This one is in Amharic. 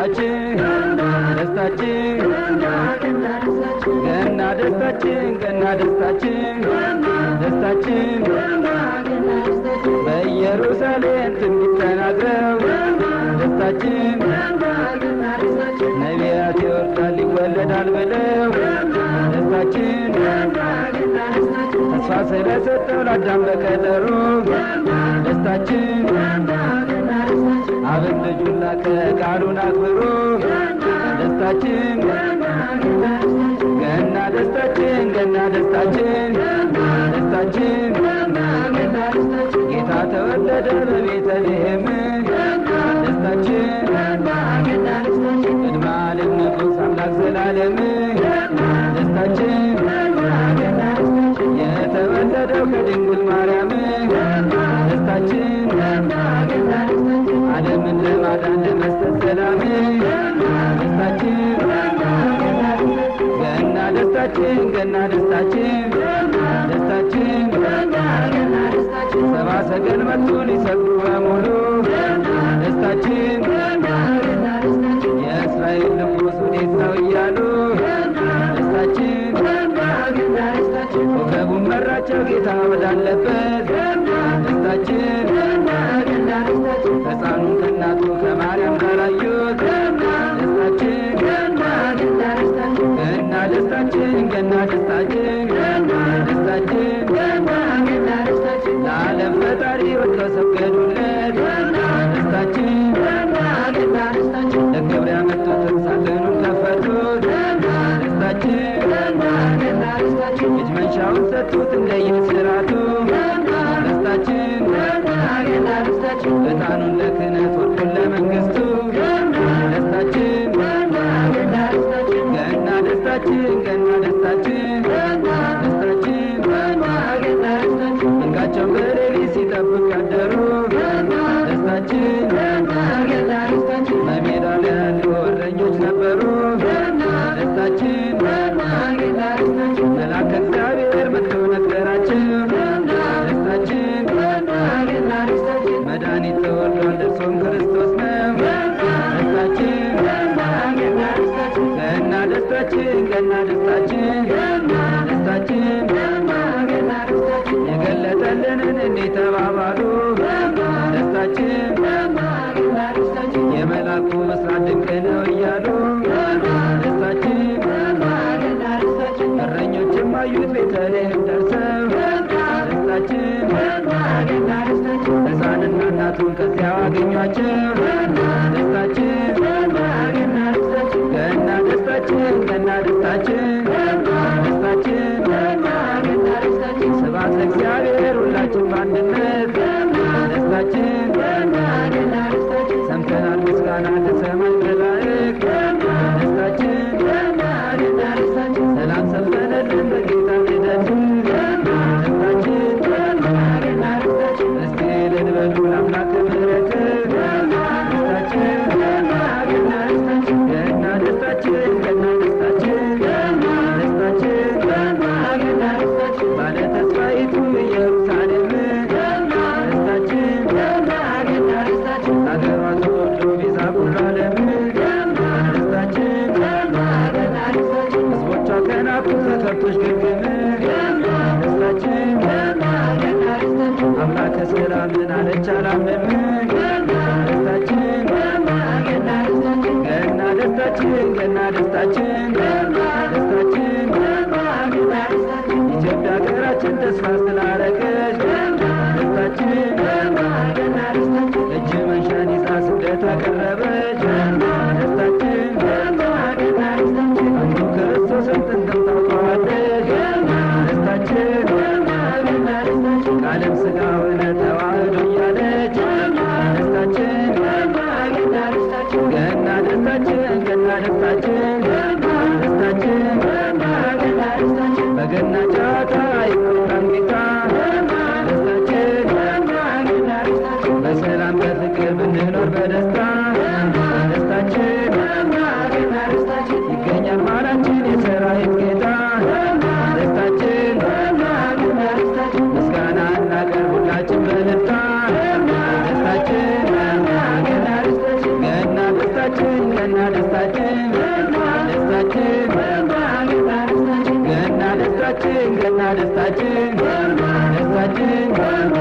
ደስታችን ደስታችን ገና ደስታችን ገና ደስታችን ደስታችን በኢየሩሳሌም ትንቢት ተናግረው ደስታችን ነቢያት ይወርዳል ይወለዳል ብለው ደስታችን ተስፋ ስለሰጠው ለአዳም በቀጠሮ ደስታችን አብን ልጁን ላከ ቃሉን አክብሮ ደስታችን ገና ደስታችን ገና ደስታችን ደስታችን ጌታ ተወለደ በቤተልሔም ሰላም ደስታችን ገና ደስታችን ገና ደስታችን ደስታችን ሰባ ሰገን መጡ ሊሰግዱ በሙሉ ደስታችን የእስራኤል ንጉሥ እንዴት ነው እያሉ ደስታችን ኮከቡን መራቸው ጌታ ወዳለበት ደስታችን ህፃኑን ከእናቱ ደስታችን ገና ደስታችን ገና ደስታችን ገና ገና ደስታችን ለዓለም ፈጣሪ ወጥቶ ሰገዱለት ገና ደስታችን ገና ገና ደስታችን ለክብር ያመጡትን ሳጥኑን ከፈቱት ገና ደስታችን ገና ገና ደስታችን እጅ መንሻውን ሰጡት እንደየስራቱ ገና ደስታችን ገና ገና ደስታችን እጣኑን ለክነ ደስታችን ገና ደስታችን ደስታችን ገና ገና የገለጠልንን እኔ ተባባሉ ደስታችን ገና የመላኩ መስራት ድንቅ ነው እያሉ ደስታችን እረኞች የማዩት ደስታችን ቤተልሔም ደርሰው ገና ደስታችን ሕፃንና እናቱን ከዚያው አገኟቸው ደስታችን चरण चरण में በደስታችን በገናችን está chingón, está chingón.